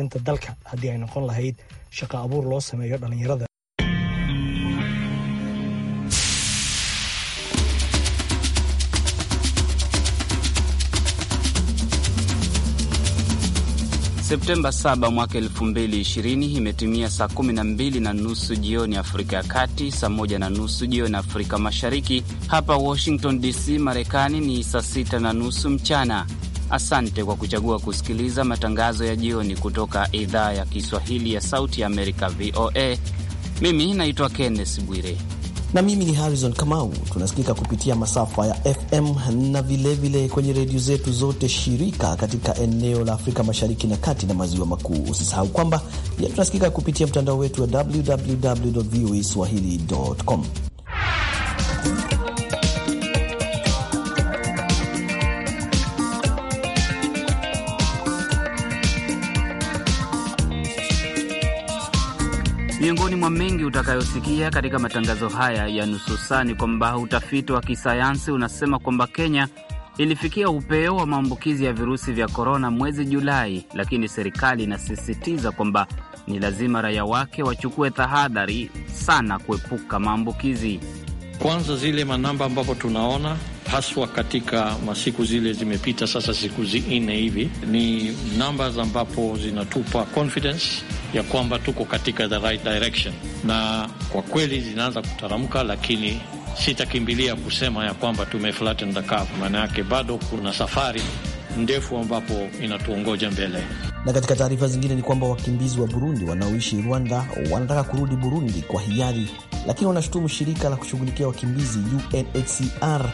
inta dalka haddii ay noqon lahayd shaqo abuur loo sameeyo dhallinyarada. Septemba 7 mwaka 2020 imetimia saa 12 na nusu jioni Afrika ya Kati, saa moja na nusu jioni Afrika Mashariki. Hapa Washington DC, Marekani ni saa 6 na nusu mchana. Asante kwa kuchagua kusikiliza matangazo ya jioni kutoka idhaa ya Kiswahili ya Sauti ya Amerika, VOA. Mimi naitwa Kenneth Bwire na mimi ni Harrison Kamau. Tunasikika kupitia masafa ya FM na vilevile kwenye redio zetu zote shirika katika eneo la Afrika Mashariki na kati na maziwa makuu. Usisahau kwamba pia tunasikika kupitia mtandao wetu wa www voa swahili.com. miongoni mwa mengi utakayosikia katika matangazo haya ya nusu saa ni kwamba utafiti wa kisayansi unasema kwamba Kenya ilifikia upeo wa maambukizi ya virusi vya korona mwezi Julai, lakini serikali inasisitiza kwamba ni lazima raia wake wachukue tahadhari sana kuepuka maambukizi. Kwanza zile manamba ambapo tunaona haswa katika masiku zile zimepita sasa siku zinne hivi, ni namba ambapo zinatupa confidence ya kwamba tuko katika the right direction, na kwa kweli zinaanza kutaramka, lakini sitakimbilia kusema ya kwamba tumeflatten the curve, maana yake bado kuna safari ndefu ambapo inatuongoja mbele. Na katika taarifa zingine ni kwamba wakimbizi wa Burundi wanaoishi Rwanda wanataka kurudi Burundi kwa hiari, lakini wanashutumu shirika la kushughulikia wakimbizi UNHCR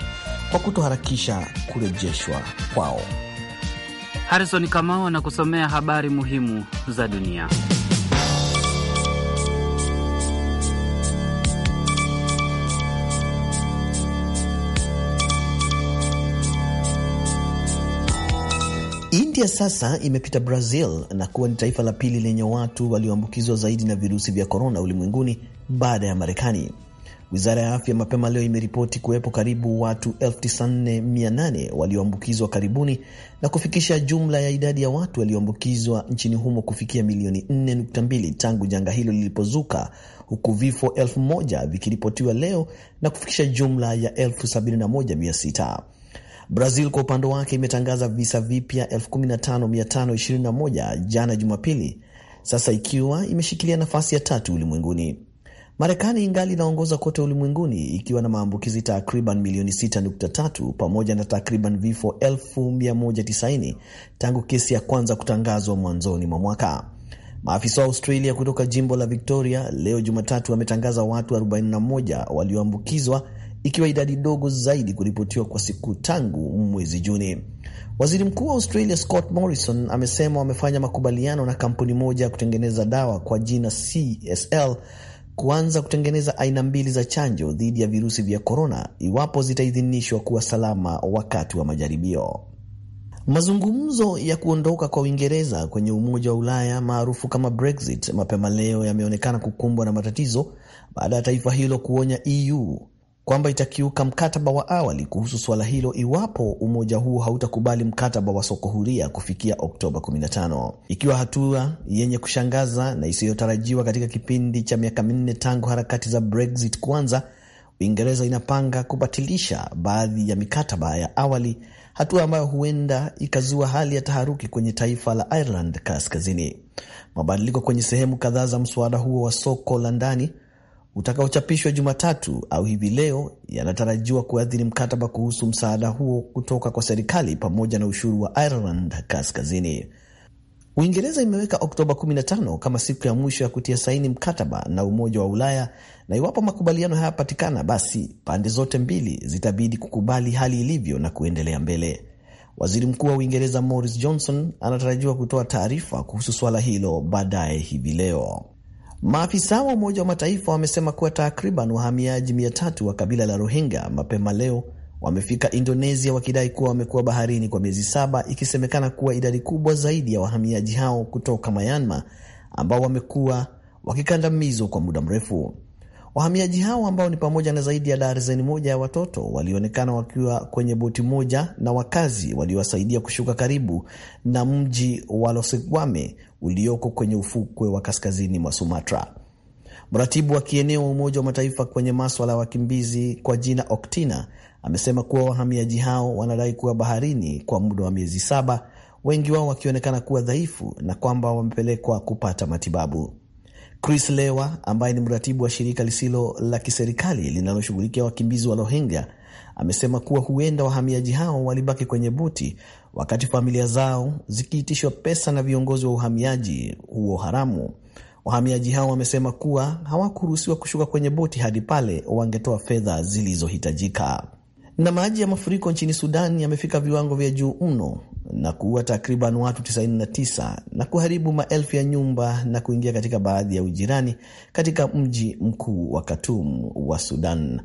kwa kutoharakisha kurejeshwa kwao. Harrison Kamau anakusomea habari muhimu za dunia. Haiti ya sasa imepita Brazil na kuwa ni taifa la pili lenye watu walioambukizwa zaidi na virusi vya korona ulimwenguni baada ya Marekani. Wizara ya afya mapema leo imeripoti kuwepo karibu watu 9800 walioambukizwa karibuni na kufikisha jumla ya idadi ya watu walioambukizwa nchini humo kufikia milioni 4.2 tangu janga hilo lilipozuka, huku vifo 1000 vikiripotiwa leo na kufikisha jumla ya 71600. Brazil kwa upande wake imetangaza visa vipya 15521 jana Jumapili, sasa ikiwa imeshikilia nafasi ya tatu ulimwenguni. Marekani ingali inaongoza kote ulimwenguni ikiwa na maambukizi takriban milioni 6.3 pamoja na takriban vifo 190 tangu kesi ya kwanza kutangazwa mwanzoni mwa mwaka. Maafisa wa Australia kutoka jimbo la Victoria leo Jumatatu wametangaza watu 41 walioambukizwa ikiwa idadi ndogo zaidi kuripotiwa kwa siku tangu mwezi Juni. Waziri Mkuu wa Australia Scott Morrison amesema wamefanya makubaliano na kampuni moja ya kutengeneza dawa kwa jina CSL kuanza kutengeneza aina mbili za chanjo dhidi ya virusi vya korona iwapo zitaidhinishwa kuwa salama wakati wa majaribio. Mazungumzo ya kuondoka kwa Uingereza kwenye Umoja wa Ulaya maarufu kama Brexit mapema leo yameonekana kukumbwa na matatizo baada ya taifa hilo kuonya EU kwamba itakiuka mkataba wa awali kuhusu suala hilo iwapo umoja huo hautakubali mkataba wa soko huria kufikia Oktoba 15, ikiwa hatua yenye kushangaza na isiyotarajiwa katika kipindi cha miaka minne tangu harakati za Brexit kuanza. Uingereza inapanga kubatilisha baadhi ya mikataba ya awali, hatua ambayo huenda ikazua hali ya taharuki kwenye taifa la Ireland Kaskazini. Mabadiliko kwenye sehemu kadhaa za mswada huo wa soko la ndani utakaochapishwa Jumatatu au hivi leo yanatarajiwa kuathiri mkataba kuhusu msaada huo kutoka kwa serikali pamoja na ushuru wa Ireland Kaskazini. Uingereza imeweka Oktoba 15 kama siku ya mwisho ya kutia saini mkataba na Umoja wa Ulaya, na iwapo makubaliano hayapatikana, basi pande zote mbili zitabidi kukubali hali ilivyo na kuendelea mbele. Waziri Mkuu wa Uingereza Boris Johnson anatarajiwa kutoa taarifa kuhusu suala hilo baadaye hivi leo. Maafisa wa Umoja wa Mataifa wamesema kuwa takriban wahamiaji mia tatu wa kabila la Rohingya mapema leo wamefika Indonesia wakidai kuwa wamekuwa baharini kwa miezi saba, ikisemekana kuwa idadi kubwa zaidi ya wahamiaji hao kutoka Myanmar ambao wamekuwa wakikandamizwa kwa muda mrefu. Wahamiaji hao ambao ni pamoja na zaidi ya darzeni moja ya watoto walionekana wakiwa kwenye boti moja na wakazi waliowasaidia kushuka karibu na mji wa Losegwame ulioko kwenye ufukwe wa kaskazini mwa Sumatra. Mratibu wa kieneo wa Umoja wa Mataifa kwenye maswala ya wakimbizi kwa jina Oktina amesema kuwa wahamiaji hao wanadai kuwa baharini kwa muda wa miezi saba, wengi wao wakionekana kuwa dhaifu na kwamba wamepelekwa kupata matibabu. Chris Lewa ambaye ni mratibu wa shirika lisilo la kiserikali linaloshughulikia wakimbizi wa Rohingya amesema kuwa huenda wahamiaji hao walibaki kwenye boti wakati familia zao zikiitishwa pesa na viongozi wa uhamiaji huo haramu. Wahamiaji hao wamesema kuwa hawakuruhusiwa kushuka kwenye boti hadi pale wangetoa fedha zilizohitajika. Na maji ya mafuriko nchini Sudan yamefika viwango vya juu mno na kuua takriban watu 99 na kuharibu maelfu ya nyumba na kuingia katika baadhi ya ujirani katika mji mkuu wa Khartoum wa Sudan.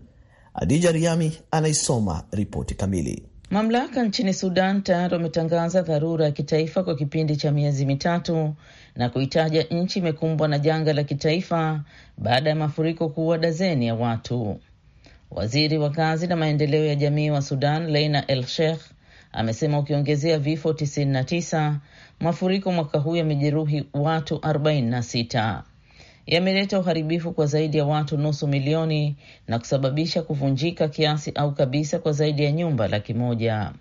Adija Riami anaisoma ripoti kamili. Mamlaka nchini Sudan tayari wametangaza dharura ya kitaifa kwa kipindi cha miezi mitatu na kuitaja nchi imekumbwa na janga la kitaifa baada ya mafuriko kuua dazeni ya watu. Waziri wa kazi na maendeleo ya jamii wa Sudan, Leina El Sheikh, amesema ukiongezea vifo 99 mafuriko mwaka huu yamejeruhi watu 46 yameleta uharibifu kwa zaidi ya watu nusu milioni na kusababisha kuvunjika kiasi au kabisa kwa zaidi ya nyumba laki moja.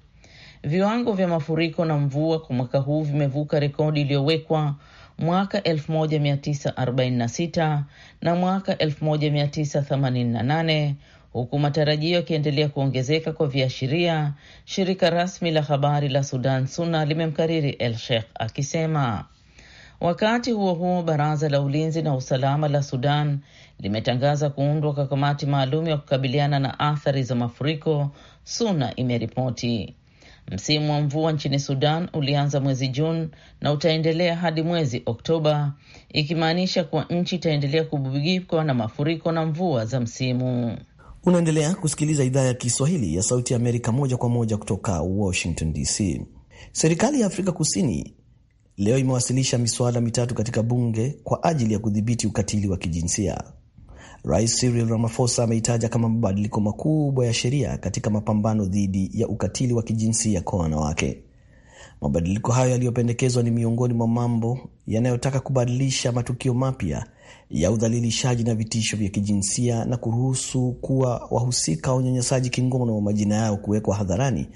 Viwango vya mafuriko na mvua kwa mwaka huu vimevuka rekodi iliyowekwa mwaka 1946 na mwaka 1988 huku matarajio yakiendelea kuongezeka kwa viashiria. Shirika rasmi la habari la Sudan SUNA limemkariri El Sheikh akisema. Wakati huo huo, baraza la ulinzi na usalama la Sudan limetangaza kuundwa kwa kamati maalum ya kukabiliana na athari za mafuriko, SUNA imeripoti. Msimu wa mvua nchini Sudan ulianza mwezi Juni na utaendelea hadi mwezi Oktoba, ikimaanisha kuwa nchi itaendelea kubugikwa na mafuriko na mvua za msimu. Unaendelea kusikiliza idhaa ya Kiswahili ya Sauti ya Amerika moja kwa moja kutoka Washington DC. Serikali ya Afrika Kusini leo imewasilisha miswada mitatu katika bunge kwa ajili ya kudhibiti ukatili wa kijinsia. Rais Cyril Ramaphosa ameitaja kama mabadiliko makubwa ya sheria katika mapambano dhidi ya ukatili wa kijinsia kwa wanawake. Mabadiliko hayo yaliyopendekezwa ni miongoni mwa mambo yanayotaka kubadilisha matukio mapya ya udhalilishaji na vitisho vya kijinsia na kuruhusu kuwa wahusika wa unyanyasaji kingono wa majina yao kuwekwa hadharani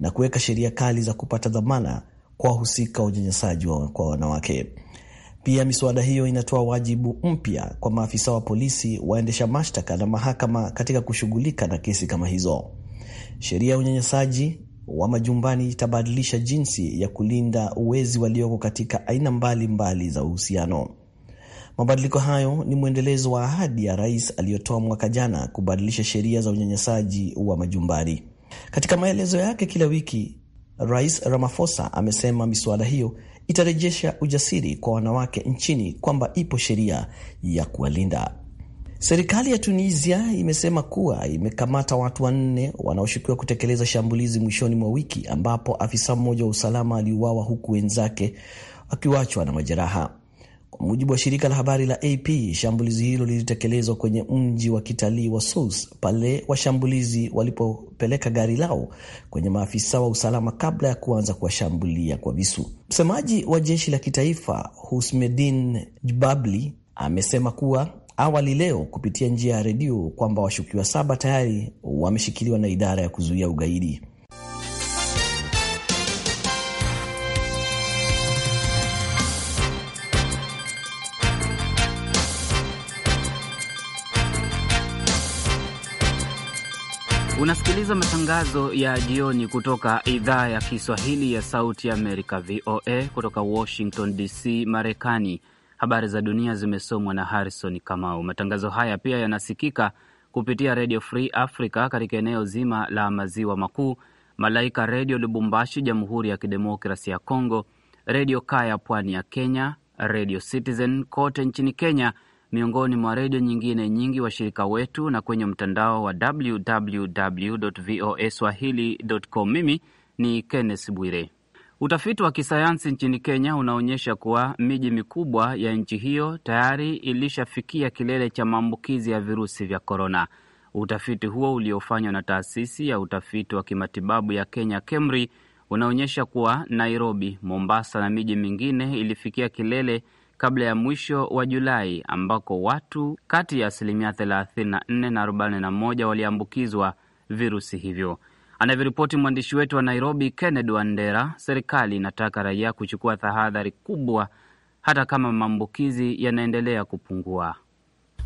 na kuweka sheria kali za kupata dhamana kwa wahusika wa unyanyasaji kwa wanawake. Pia miswada hiyo inatoa wajibu mpya kwa maafisa wa polisi, waendesha mashtaka na mahakama katika kushughulika na kesi kama hizo. Sheria ya unyanyasaji wa majumbani itabadilisha jinsi ya kulinda uwezi walioko katika aina mbalimbali za uhusiano. Mabadiliko hayo ni mwendelezo wa ahadi ya rais aliyotoa mwaka jana kubadilisha sheria za unyanyasaji wa majumbani. Katika maelezo yake kila wiki, Rais Ramaphosa amesema miswada hiyo itarejesha ujasiri kwa wanawake nchini kwamba ipo sheria ya kuwalinda. Serikali ya Tunisia imesema kuwa imekamata watu wanne wanaoshukiwa kutekeleza shambulizi mwishoni mwa wiki ambapo afisa mmoja wa usalama aliuawa huku wenzake akiwachwa na majeraha. Kwa mujibu wa shirika la habari la AP, shambulizi hilo lilitekelezwa kwenye mji wa kitalii wa Sous pale washambulizi walipopeleka gari lao kwenye maafisa wa usalama kabla ya kuanza kuwashambulia kwa visu. Msemaji wa jeshi la kitaifa Husmedin Jbabli amesema kuwa awali leo kupitia njia ya redio kwamba washukiwa saba tayari wameshikiliwa na idara ya kuzuia ugaidi. Unasikiliza matangazo ya jioni kutoka idhaa ya Kiswahili ya Sauti ya Amerika, VOA, kutoka Washington DC, Marekani. Habari za dunia zimesomwa na Harrison Kamau. Matangazo haya pia yanasikika kupitia Redio Free Africa katika eneo zima la maziwa makuu, Malaika Redio Lubumbashi, Jamhuri ya Kidemokrasi ya congo Redio Kaya pwani ya Kenya, Redio Citizen kote nchini Kenya, miongoni mwa redio nyingine nyingi washirika wetu na kwenye mtandao wa www voa www.voaswahili.com. Mimi ni Kenneth Bwire. Utafiti wa kisayansi nchini Kenya unaonyesha kuwa miji mikubwa ya nchi hiyo tayari ilishafikia kilele cha maambukizi ya virusi vya korona. Utafiti huo uliofanywa na taasisi ya utafiti wa kimatibabu ya Kenya, KEMRI, unaonyesha kuwa Nairobi, Mombasa na miji mingine ilifikia kilele kabla ya mwisho wa Julai ambako watu kati ya asilimia 34 na 41 waliambukizwa virusi hivyo. Anavyoripoti mwandishi wetu wa Nairobi, Kennedy Wandera. Serikali inataka raia kuchukua tahadhari kubwa hata kama maambukizi yanaendelea kupungua.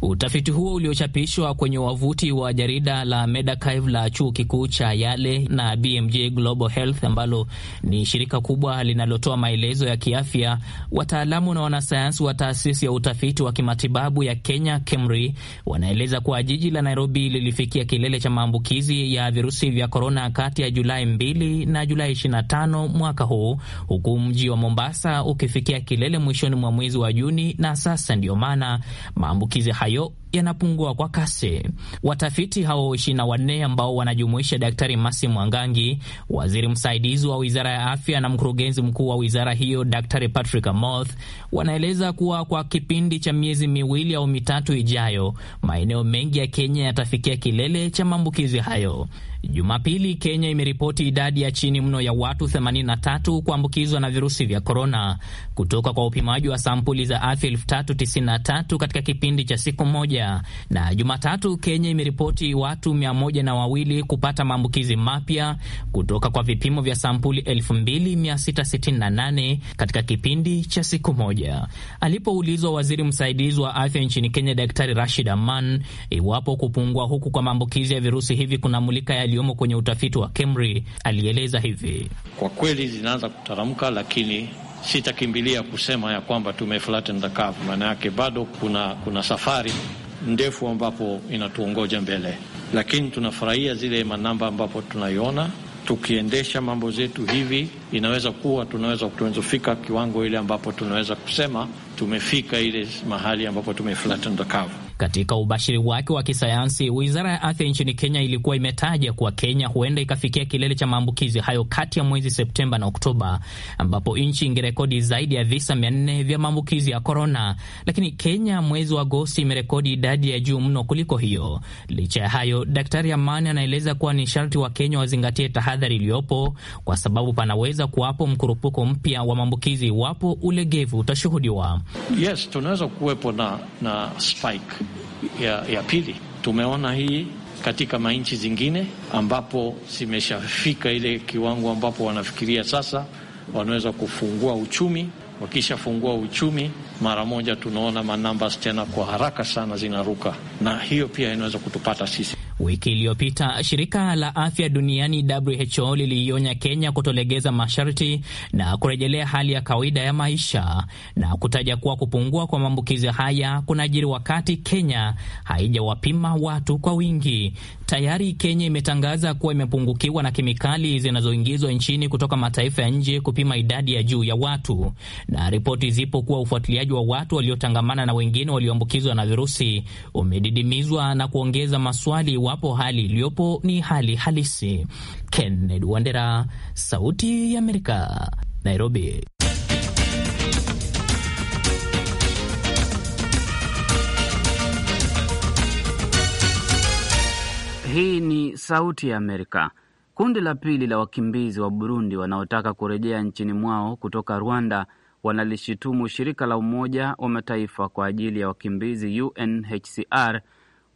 Utafiti huo uliochapishwa kwenye wavuti wa jarida la Medarchive la chuo kikuu cha Yale na BMJ Global Health ambalo ni shirika kubwa linalotoa maelezo ya kiafya, wataalamu na wanasayansi wa taasisi ya utafiti wa kimatibabu ya Kenya KEMRI wanaeleza kuwa jiji la Nairobi lilifikia kilele cha maambukizi ya virusi vya korona kati ya Julai 2 na Julai 25 mwaka huu, huku mji wa Mombasa ukifikia kilele mwishoni mwa mwezi wa Juni, na sasa ndiyo maana maambukizi よ。yanapungua kwa kasi. Watafiti hao ishirini na wanne ambao wanajumuisha Daktari Masi Mwangangi, waziri msaidizi wa wizara ya afya na mkurugenzi mkuu wa wizara hiyo Daktari Patrick Amoth, wanaeleza kuwa kwa kipindi cha miezi miwili au mitatu ijayo, maeneo mengi ya Kenya yatafikia kilele cha maambukizi hayo. Jumapili, Kenya imeripoti idadi ya chini mno ya watu 83 kuambukizwa na virusi vya korona kutoka kwa upimaji wa sampuli za afya 3093 katika kipindi cha siku moja moja. Na Jumatatu Kenya imeripoti watu mia moja na wawili kupata maambukizi mapya kutoka kwa vipimo vya sampuli 2668 katika kipindi cha siku moja. Alipoulizwa waziri msaidizi wa afya nchini Kenya Daktari Rashid Aman iwapo kupungua huku kwa maambukizi ya virusi hivi kunamulika yaliyomo kwenye utafiti wa KEMRI, alieleza hivi: kwa kweli zinaanza kutaramka, lakini sitakimbilia kusema ya kwamba tume the curve, maana yake bado kuna, kuna safari ndefu ambapo inatuongoja mbele, lakini tunafurahia zile manamba ambapo tunaiona tukiendesha mambo zetu hivi, inaweza kuwa tunaweza tunazofika kiwango ile ambapo tunaweza kusema tumefika ile mahali ambapo tumeflatten the curve. Katika ubashiri wake wa kisayansi, wizara ya afya nchini Kenya ilikuwa imetaja kuwa Kenya huenda ikafikia kilele cha maambukizi hayo kati ya mwezi Septemba na Oktoba, ambapo nchi ingerekodi zaidi ya visa nne vya maambukizi ya korona. Lakini Kenya mwezi wa Agosti imerekodi idadi ya juu mno kuliko hiyo. Licha ya hayo, Daktari Amani anaeleza kuwa ni sharti wa kenya wazingatie tahadhari iliyopo, kwa sababu panaweza kuwapo mkurupuko mpya wa maambukizi iwapo ulegevu utashuhudiwa. Yes, tunaweza kuwepo na, na spike ya, ya pili. Tumeona hii katika manchi zingine ambapo zimeshafika ile kiwango ambapo wanafikiria sasa wanaweza kufungua uchumi. Wakishafungua uchumi mara moja tunaona manamba tena kwa haraka sana zinaruka, na hiyo pia inaweza kutupata sisi. Wiki iliyopita shirika la afya duniani WHO liliionya Kenya kutolegeza masharti na kurejelea hali ya kawaida ya maisha na kutaja kuwa kupungua kwa maambukizi haya kunaajiri wakati Kenya haijawapima watu kwa wingi. Tayari Kenya imetangaza kuwa imepungukiwa na kemikali zinazoingizwa nchini kutoka mataifa ya nje kupima idadi ya juu ya watu, na ripoti zipo kuwa ufuatiliaji wa watu waliotangamana na wengine walioambukizwa na virusi umedidimizwa na kuongeza maswali iwapo hali iliyopo ni hali halisi. Kennedy Wandera, Sauti ya Amerika, Nairobi. Hii ni Sauti ya Amerika. Kundi la pili la wakimbizi wa Burundi wanaotaka kurejea nchini mwao kutoka Rwanda wanalishutumu shirika la Umoja wa Mataifa kwa ajili ya wakimbizi UNHCR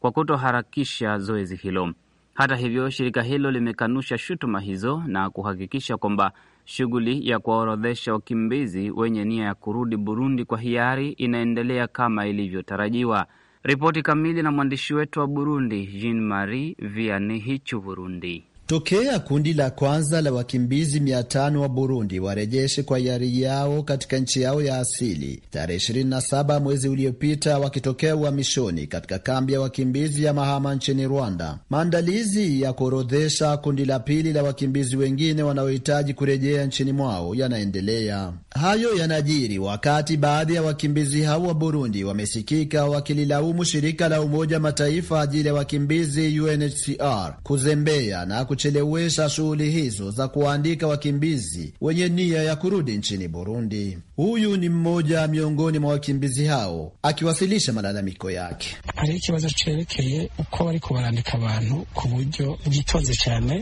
kwa kutoharakisha zoezi hilo. Hata hivyo, shirika hilo limekanusha shutuma hizo na kuhakikisha kwamba shughuli ya kuwaorodhesha wakimbizi wenye nia ya kurudi Burundi kwa hiari inaendelea kama ilivyotarajiwa. Ripoti kamili na mwandishi wetu wa Burundi, Jean Marie Vianney Hichu, Burundi tokea kundi la kwanza la wakimbizi mia tano wa Burundi warejeshe kwa yari yao katika nchi yao ya asili tarehe 27 mwezi uliopita wakitokea uhamishoni katika kambi ya wakimbizi ya Mahama nchini Rwanda. Maandalizi ya kuorodhesha kundi la pili la wakimbizi wengine wanaohitaji kurejea nchini mwao yanaendelea. Hayo yanajiri wakati baadhi ya wakimbizi hao wa Burundi wamesikika wakililaumu shirika la Umoja Mataifa ajili ya wakimbizi UNHCR kuzembea na kuchelewesha shughuli hizo za kuwaandika wakimbizi wenye nia ya kurudi nchini Burundi. Huyu ni mmoja miongoni mwa wakimbizi hao akiwasilisha malalamiko yake.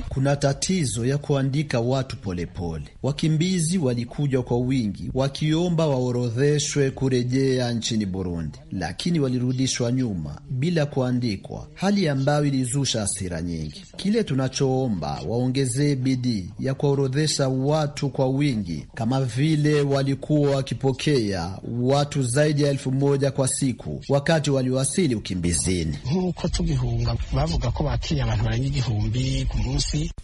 Kuna tatizo ya kuandika watu polepole pole. Wakimbizi walikuja kwa wingi wakiomba waorodheshwe kurejea nchini Burundi, lakini walirudishwa nyuma bila kuandikwa, hali ambayo ilizusha hasira nyingi. Kile tunacho kuomba waongezee bidii ya kuwaorodhesha watu kwa wingi, kama vile walikuwa wakipokea watu zaidi ya elfu moja kwa siku wakati waliwasili ukimbizini.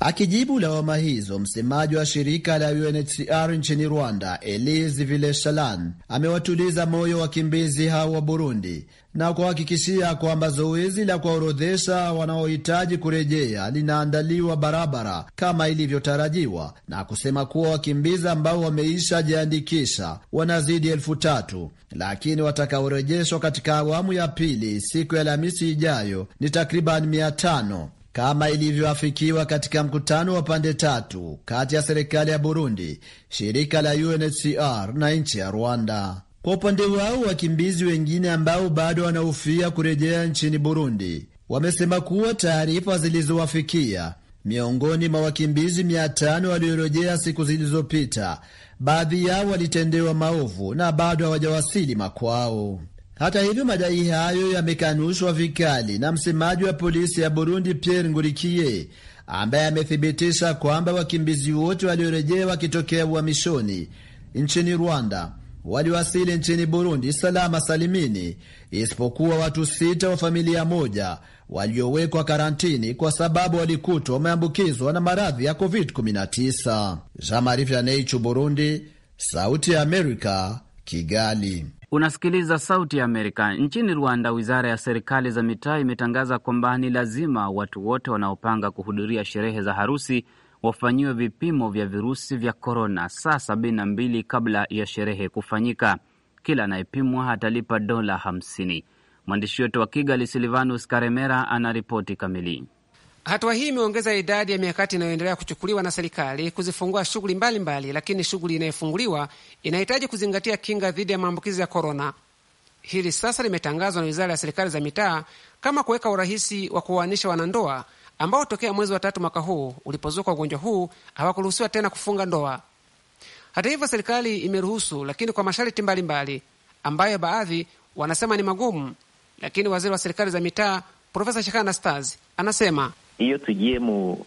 Akijibu lawama hizo, msemaji wa shirika la UNHCR nchini Rwanda Elise Vileshalan amewatuliza moyo wakimbizi hao wa Burundi na kuhakikishia kwamba zoezi la kuwaorodhesha wanaohitaji kurejea linaandaliwa barabara kama ilivyotarajiwa, na kusema kuwa wakimbizi ambao wameishajiandikisha wanazidi elfu tatu lakini watakaorejeshwa katika awamu ya pili siku ya Alhamisi ijayo ni takriban mia tano kama ilivyoafikiwa katika mkutano wa pande tatu kati ya serikali ya Burundi, shirika la UNHCR na nchi ya Rwanda. Kwa upande wao wakimbizi wengine ambao bado wanahofia kurejea nchini Burundi wamesema kuwa taarifa zilizowafikia miongoni mwa wakimbizi mia tano waliorejea siku zilizopita, baadhi yao walitendewa maovu na bado hawajawasili makwao. Hata hivyo, madai hayo yamekanushwa vikali na msemaji wa polisi ya Burundi Pierre Ngurikiye, ambaye amethibitisha kwamba wakimbizi wote waliorejea wakitokea uhamishoni nchini Rwanda waliwasili nchini Burundi salama salimini, isipokuwa watu sita wa familia moja waliowekwa karantini kwa sababu walikutwa wameambukizwa na maradhi ya COVID-19. Burundi. Sauti ya Amerika, Kigali. Unasikiliza Sauti ya Amerika. Nchini Rwanda, wizara ya serikali za mitaa imetangaza kwamba ni lazima watu wote wanaopanga kuhudhuria sherehe za harusi wafanyiwe vipimo vya virusi vya korona saa sabini na mbili kabla ya sherehe kufanyika. Kila anayepimwa atalipa dola hamsini. Mwandishi wetu wa Kigali, Silvanus Karemera, anaripoti kamili. Hatua hii imeongeza idadi ya mikakati inayoendelea kuchukuliwa na serikali kuzifungua shughuli mbalimbali, lakini shughuli inayofunguliwa inahitaji kuzingatia kinga dhidi ya maambukizi ya korona. Hili sasa limetangazwa na wizara ya serikali za mitaa kama kuweka urahisi wa kuwaanisha wanandoa ambao tokea mwezi wa tatu mwaka huu ulipozuka ugonjwa huu hawakuruhusiwa tena kufunga ndoa. Hata hivyo, serikali imeruhusu, lakini kwa masharti mbalimbali ambayo baadhi wanasema ni magumu. Lakini waziri wa serikali za mitaa Profesa Shekana anasema iyo tujie mu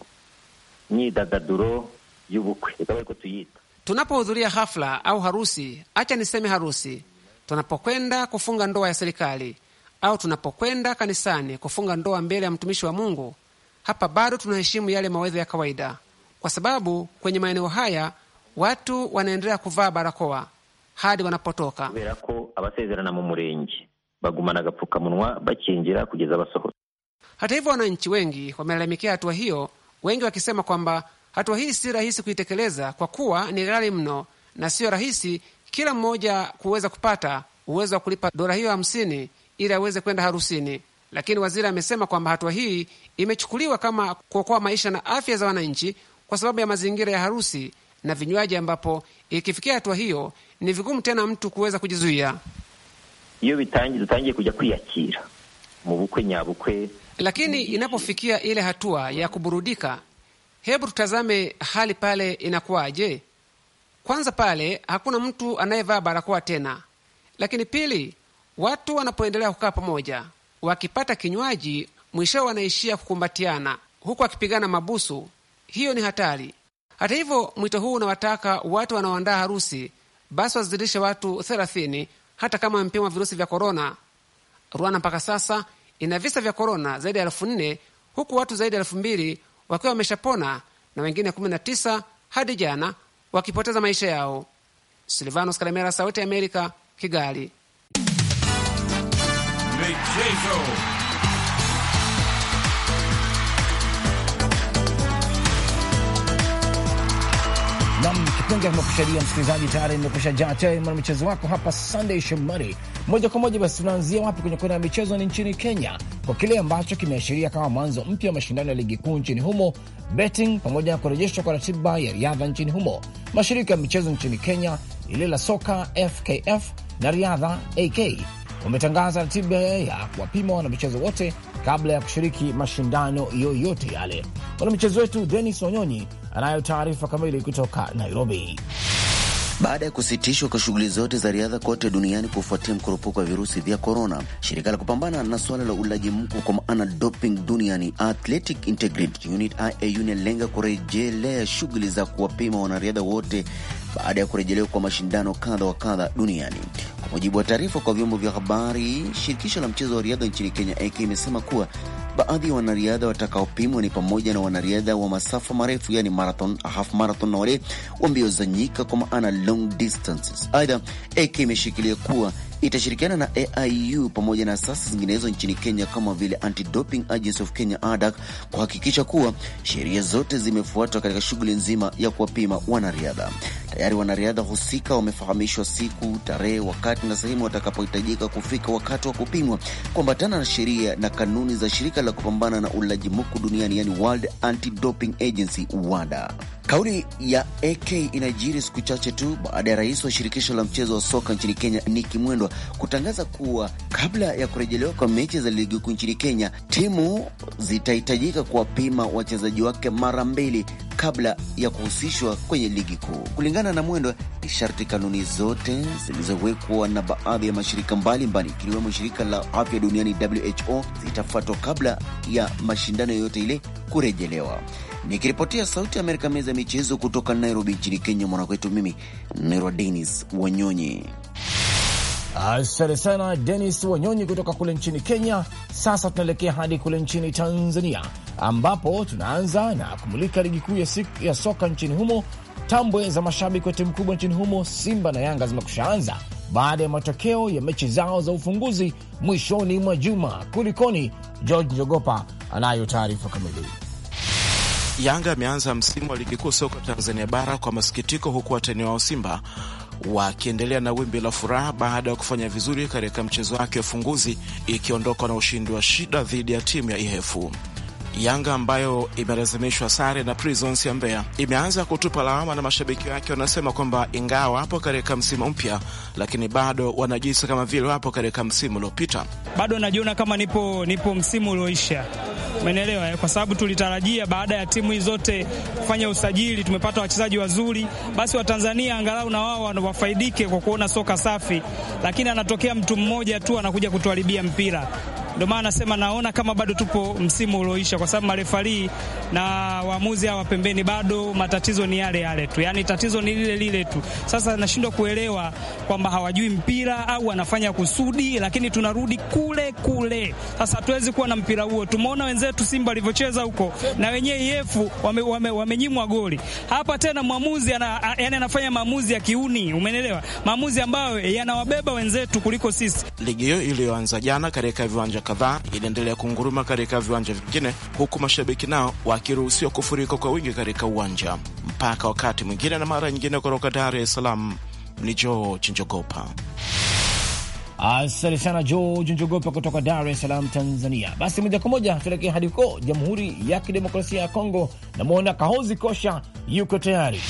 myidagaduro y'ubukwe bariko tuyita, tunapohudhuria hafla au harusi, acha niseme harusi, tunapokwenda kufunga ndoa ya serikali au tunapokwenda kanisani kufunga ndoa mbele ya mtumishi wa Mungu hapa bado tunaheshimu yale mawaidha ya kawaida, kwa sababu kwenye maeneo haya watu wanaendelea kuvaa barakoa hadi wanapotoka kubera abasezerana mu murenge bagumana agapfukamunwa kugeza Hata hivyo, wananchi wengi wamelalamikia hatua hiyo, wengi wakisema kwamba hatua hii si rahisi kuitekeleza kwa kuwa ni ghali mno na siyo rahisi kila mmoja kuweza kupata uwezo wa kulipa dola hiyo hamsini ili aweze kwenda harusini lakini waziri amesema kwamba hatua hii imechukuliwa kama kuokoa maisha na afya za wananchi kwa sababu ya mazingira ya harusi na vinywaji, ambapo ikifikia hatua hiyo ni vigumu tena mtu kuweza kujizuia. iyo bitangiye dutangiye kuja kwiyakira mu bukwe nyabukwe, lakini inapofikia ile hatua ya kuburudika, hebu tutazame hali pale inakuwaje. Kwanza pale hakuna mtu anayevaa barakoa tena, lakini pili, watu wanapoendelea kukaa pamoja wakipata kinywaji, mwishowe wanaishia kukumbatiana huku akipigana mabusu. Hiyo ni hatari. Hata hivyo, mwito huu unawataka watu wanaoandaa harusi basi wazidishe watu 30 hata kama wamepimwa wa virusi vya korona. Rwanda mpaka sasa ina visa vya korona zaidi ya elfu nne huku watu zaidi ya elfu mbili wakiwa wameshapona na wengine 19 hadi jana wakipoteza maisha yao. Silvanos Karemera, Sauti ya Amerika, Kigali michezo. Nam kipindi kimekushalia msikilizaji, tayari nimekusha jaa tele mwanamichezo wako hapa Sunday Shomari. Moja kwa moja basi, tunaanzia wapi kwenye kona ya michezo? Ni nchini Kenya, kwa kile ambacho kimeashiria kama mwanzo mpya wa mashindano ya ligi kuu nchini humo, betting pamoja na kurejeshwa kwa ratiba ya riadha nchini humo. Mashirika ya michezo nchini Kenya, ile la soka FKF na riadha AK umetangaza ratiba ya kuwapima wanamichezo wote kabla ya kushiriki mashindano yoyote yale. Mwanamichezo wetu Denis Wanyonyi anayo taarifa kamili kutoka Nairobi. Baada ya kusitishwa kwa shughuli zote za riadha kote duniani kufuatia mkurupuko wa virusi vya korona, shirika la kupambana na suala la ulaji mku kwa maana doping duniani Athletic Integrity Unit IAU inalenga kurejelea shughuli za kuwapima wanariadha wote baada ya kurejelewa kwa mashindano kadha wa kadha duniani. Kwa mujibu wa taarifa kwa vyombo vya habari, shirikisho la mchezo wa riadha nchini Kenya AK imesema kuwa baadhi ya wanariadha watakaopimwa ni pamoja na wanariadha wa masafa marefu, yani marathon, half marathon na wale wa mbio za nyika, kwa maana long distances. Aidha, AK imeshikilia kuwa itashirikiana na AIU pamoja na asasi zinginezo nchini Kenya kama vile Anti-Doping Agency of Kenya ADAC kuhakikisha kuwa sheria zote zimefuatwa katika shughuli nzima ya kuwapima wanariadha. Tayari wanariadha husika wamefahamishwa siku, tarehe, wakati na sehemu watakapohitajika kufika wakati wa kupimwa, kuambatana na sheria na kanuni za shirika la kupambana na ulaji muku duniani, yani World Anti-Doping Agency WADA. Kauli ya AK inajiri siku chache tu baada ya rais wa shirikisho la mchezo wa soka nchini Kenya niki Mwendwa kutangaza kuwa kabla ya kurejelewa kwa mechi za ligi kuu nchini Kenya, timu zitahitajika kuwapima wachezaji wake mara mbili kabla ya kuhusishwa kwenye ligi kuu. Kulingana na Mwendwa, ni sharti kanuni zote zilizowekwa na baadhi ya mashirika mbalimbali ikiwemo shirika la afya duniani WHO zitafuatwa kabla ya mashindano yoyote ile kurejelewa. Nikiripotia Sauti ya Amerika, meza ya michezo kutoka Nairobi nchini Kenya, mwanakwetu mimi Nairwa Denis Wanyonyi. Asante sana Denis Wanyonyi kutoka kule nchini Kenya. Sasa tunaelekea hadi kule nchini Tanzania, ambapo tunaanza na kumulika ligi kuu ya, ya soka nchini humo. Tambwe za mashabiki wa timu kubwa nchini humo Simba na Yanga zimekushaanza baada ya matokeo ya mechi zao za ufunguzi mwishoni mwa juma. Kulikoni? George Njogopa anayo taarifa kamili. Yanga ameanza msimu wa ligi kuu soka Tanzania bara kwa masikitiko, huku watani wao Simba wakiendelea na wimbi la furaha baada ya kufanya vizuri katika mchezo wake wa ufunguzi, ikiondoka na ushindi wa shida dhidi ya timu ya Ihefu. Yanga ambayo imelazimishwa sare na Prisons ya Mbeya imeanza kutupa lawama na mashabiki wake wanasema kwamba ingawa wapo katika msimu mpya, lakini bado wanajisi kama vile wapo katika msimu uliopita. Bado najiona kama nipo, nipo msimu ulioisha, umeelewa eh? Kwa sababu tulitarajia baada ya timu hii zote kufanya usajili, tumepata wachezaji wazuri, basi Watanzania angalau na wao wafaidike kwa kuona soka safi, lakini anatokea mtu mmoja tu anakuja kutuharibia mpira. Ndio maana nasema naona kama bado tupo msimu ulioisha, kwa sababu marefali na waamuzi hawa pembeni bado matatizo ni yale yale tu, yani tatizo ni lile lile tu. Sasa nashindwa kuelewa kwamba hawajui mpira au wanafanya kusudi, lakini tunarudi kule kule. Sasa hatuwezi kuwa na mpira huo. Tumeona wenzetu Simba walivyocheza huko na wenyewe yefu wamenyimwa wame, wame goli hapa tena, mwamuzi ana, yani anafanya maamuzi ya kiuni, umenelewa, maamuzi ambayo yanawabeba wenzetu kuliko sisi. Ligi hiyo iliyoanza jana katika viwanja kadhaa iliendelea kunguruma katika viwanja vingine, huku mashabiki nao wakiruhusiwa kufurika kwa wingi katika uwanja mpaka wakati mwingine. Na mara nyingine kutoka Dar es Salaam ni George Njogopa. Asante sana George Njogopa kutoka Dar es Salaam, Tanzania. Basi moja kwa moja tuelekee hadi huko Jamhuri ya Kidemokrasia ya Kongo, namwona Kahozi Kosha yuko tayari.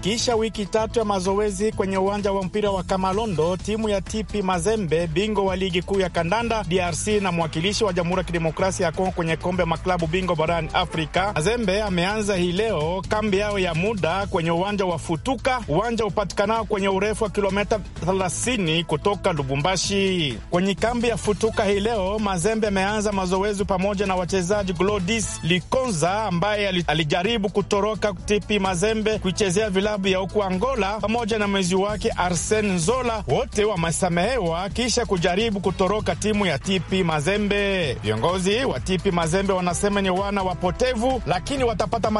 Kisha wiki tatu ya mazoezi kwenye uwanja wa mpira wa Kamalondo, timu ya TP Mazembe, bingwa wa ligi kuu ya kandanda DRC na mwakilishi wa Jamhuri ya Kidemokrasia ya Kongo kwenye kombe ya maklabu bingwa barani Afrika, Mazembe ameanza hii leo kambi yao ya muda kwenye uwanja wa Futuka, uwanja upatikanao kwenye urefu wa kilometa 30 kutoka Lubumbashi. Kwenye kambi ya Futuka hii leo, Mazembe ameanza mazoezi pamoja na wachezaji Glodis Likonza ambaye alijaribu kutoroka TP Mazembe kuichezea vilabu ya huku Angola pamoja na mwezi wake Arsene zola wote wamesamehewa kisha kujaribu kutoroka timu ya TP Mazembe. Viongozi wa TP Mazembe wanasema ni wana wapotevu, lakini watapata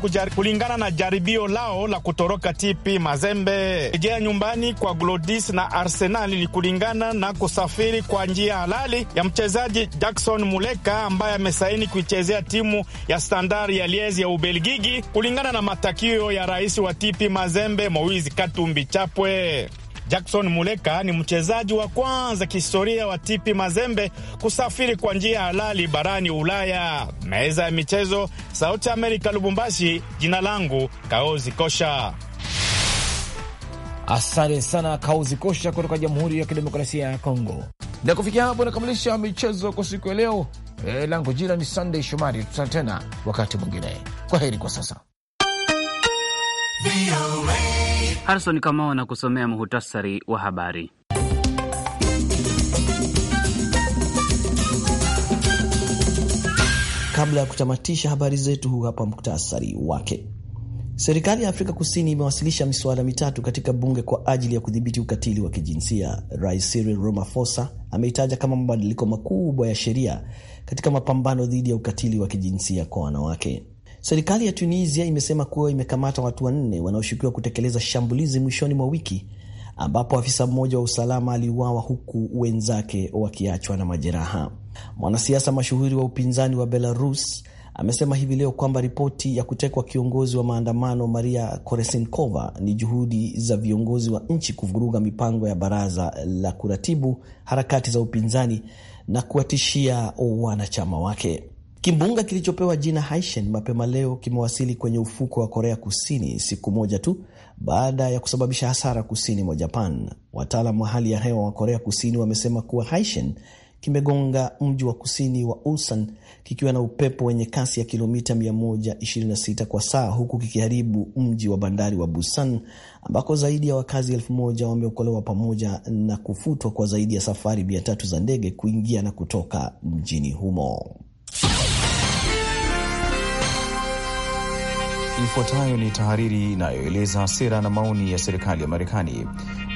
kujari, kulingana na jaribio lao la kutoroka TP Mazembe. Rejea nyumbani kwa Glodis na Arsenal ni kulingana na kusafiri kwa njia halali ya mchezaji Jackson Muleka ambaye amesaini kuichezea timu ya Standard ya Liege ya Ubelgiji kulingana na matakio ya rais wa Tipi Mazembe, Moizi Katumbi Chapwe. Jackson Muleka ni mchezaji wa kwanza kihistoria wa Tipi Mazembe kusafiri kwa njia halali barani Ulaya. Meza ya michezo, Sauti Amerika, Lubumbashi. Jina langu Kaozi Kosha. Asante sana Kaozi Kosha kutoka Jamhuri ya Kidemokrasia ya Kongo. Na kufikia hapo nakamilisha michezo kwa siku ya leo. E, langu jina ni Sunday Shomari. Tutakutana tena wakati mwingine. Kwa heri kwa sasa. Harison Kamao na kusomea muhutasari wa habari. Kabla ya kutamatisha habari zetu, huu hapa muktasari wake. Serikali ya Afrika Kusini imewasilisha miswada mitatu katika bunge kwa ajili ya kudhibiti ukatili wa kijinsia. Rais Cyril Ramaphosa ameitaja kama mabadiliko makubwa ya sheria katika mapambano dhidi ya ukatili wa kijinsia kwa wanawake. Serikali ya Tunisia imesema kuwa imekamata watu wanne wanaoshukiwa kutekeleza shambulizi mwishoni mwa wiki ambapo afisa mmoja wa usalama aliuawa huku wenzake wakiachwa na majeraha. Mwanasiasa mashuhuri wa upinzani wa Belarus amesema hivi leo kwamba ripoti ya kutekwa kiongozi wa maandamano Maria Koresenkova ni juhudi za viongozi wa nchi kuvuruga mipango ya baraza la kuratibu harakati za upinzani na kuwatishia wanachama wake. Kimbunga kilichopewa jina Haishen mapema leo kimewasili kwenye ufuko wa Korea Kusini siku moja tu baada ya kusababisha hasara kusini mwa Japan. Wataalam wa hali ya hewa wa Korea Kusini wamesema kuwa Haishen kimegonga mji wa kusini wa Ulsan kikiwa na upepo wenye kasi ya kilomita 126 kwa saa, huku kikiharibu mji wa bandari wa Busan ambako zaidi ya wakazi elfu moja wameokolewa pamoja na kufutwa kwa zaidi ya safari 3 za ndege kuingia na kutoka mjini humo. Ifuatayo ni tahariri inayoeleza sera na maoni ya serikali ya Marekani.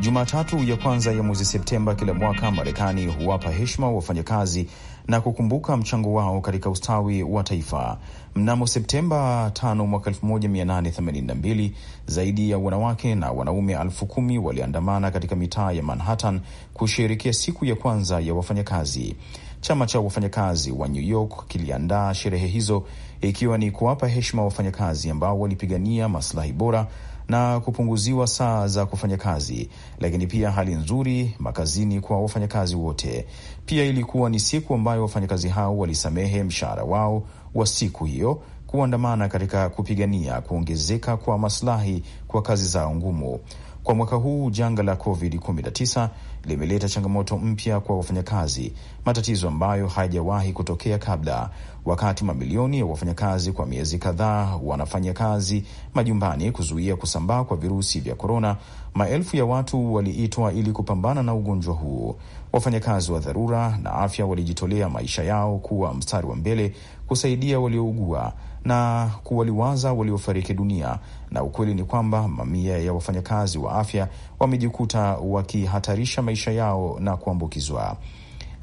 Jumatatu ya kwanza ya mwezi Septemba kila mwaka, Marekani huwapa heshima wafanyakazi na kukumbuka mchango wao katika ustawi wa taifa. Mnamo Septemba 5 mwaka 1882 zaidi ya wanawake na wanaume elfu kumi waliandamana katika mitaa ya Manhattan kusherekea siku ya kwanza ya wafanyakazi. Chama cha wafanyakazi wa New York kiliandaa sherehe hizo ikiwa ni kuwapa heshima wafanyakazi ambao walipigania maslahi bora na kupunguziwa saa za kufanya kazi, lakini pia hali nzuri makazini kwa wafanyakazi wote. Pia ilikuwa ni siku ambayo wafanyakazi hao walisamehe mshahara wao wa siku hiyo kuandamana katika kupigania kuongezeka kwa maslahi kwa kazi zao ngumu. Kwa mwaka huu janga la COVID-19 limeleta changamoto mpya kwa wafanyakazi, matatizo ambayo hayajawahi kutokea kabla. Wakati mamilioni ya wafanyakazi kwa miezi kadhaa wanafanya kazi majumbani kuzuia kusambaa kwa virusi vya korona, maelfu ya watu waliitwa ili kupambana na ugonjwa huo. Wafanyakazi wa dharura na afya walijitolea maisha yao kuwa mstari wa mbele kusaidia waliougua na kuwaliwaza waliofariki dunia, na ukweli ni kwamba mamia ya wafanyakazi wa afya wamejikuta wakihatarisha maisha yao na kuambukizwa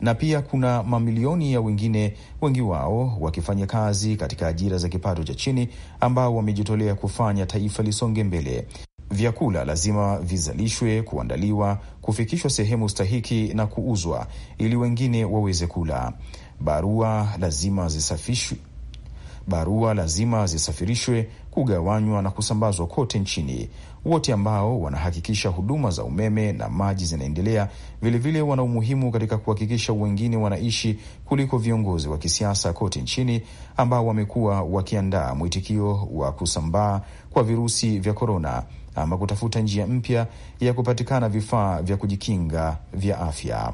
na pia kuna mamilioni ya wengine, wengi wao wakifanya kazi katika ajira za kipato cha chini, ambao wamejitolea kufanya taifa lisonge mbele. Vyakula lazima vizalishwe, kuandaliwa, kufikishwa sehemu stahiki na kuuzwa ili wengine waweze kula. Barua lazima zisafishwe barua lazima zisafirishwe, kugawanywa na kusambazwa kote nchini. Wote ambao wanahakikisha huduma za umeme na maji zinaendelea vilevile wana umuhimu katika kuhakikisha wengine wanaishi kuliko viongozi wa kisiasa kote nchini ambao wamekuwa wakiandaa mwitikio wa kusambaa kwa virusi vya korona ama kutafuta njia mpya ya kupatikana vifaa vya kujikinga vya afya.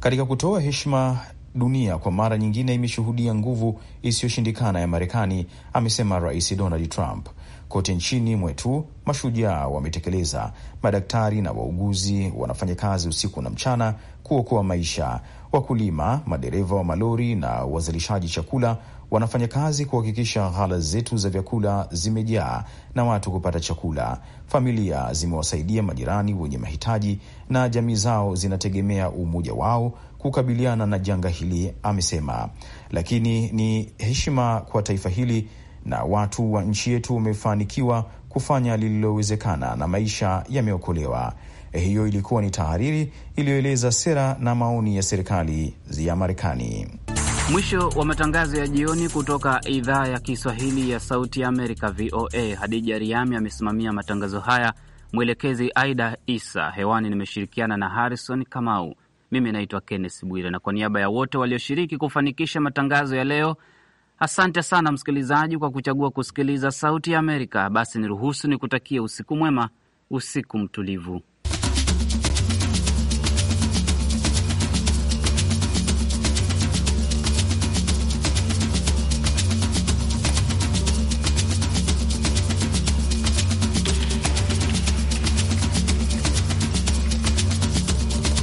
Katika kutoa heshima dunia kwa mara nyingine imeshuhudia nguvu isiyoshindikana ya Marekani, amesema Rais Donald Trump. Kote nchini mwetu mashujaa wametekeleza. Madaktari na wauguzi wanafanya kazi usiku na mchana kuokoa maisha. Wakulima, madereva wa malori na wazalishaji chakula wanafanya kazi kuhakikisha ghala zetu za vyakula zimejaa na watu kupata chakula. Familia zimewasaidia majirani wenye mahitaji na jamii zao zinategemea umoja wao kukabiliana na janga hili, amesema. Lakini ni heshima kwa taifa hili na watu wa nchi yetu wamefanikiwa kufanya lililowezekana na maisha yameokolewa. Hiyo ilikuwa ni tahariri iliyoeleza sera na maoni ya serikali ya Marekani. Mwisho wa matangazo ya jioni kutoka idhaa ya Kiswahili ya Sauti ya Amerika, VOA. Hadija Riami amesimamia matangazo haya, mwelekezi Aida Isa. Hewani nimeshirikiana na Harrison Kamau. Mimi naitwa Kenneth Bwire, na kwa niaba ya wote walioshiriki kufanikisha matangazo ya leo, asante sana msikilizaji kwa kuchagua kusikiliza Sauti ya Amerika. Basi niruhusu nikutakie usiku mwema, usiku mtulivu.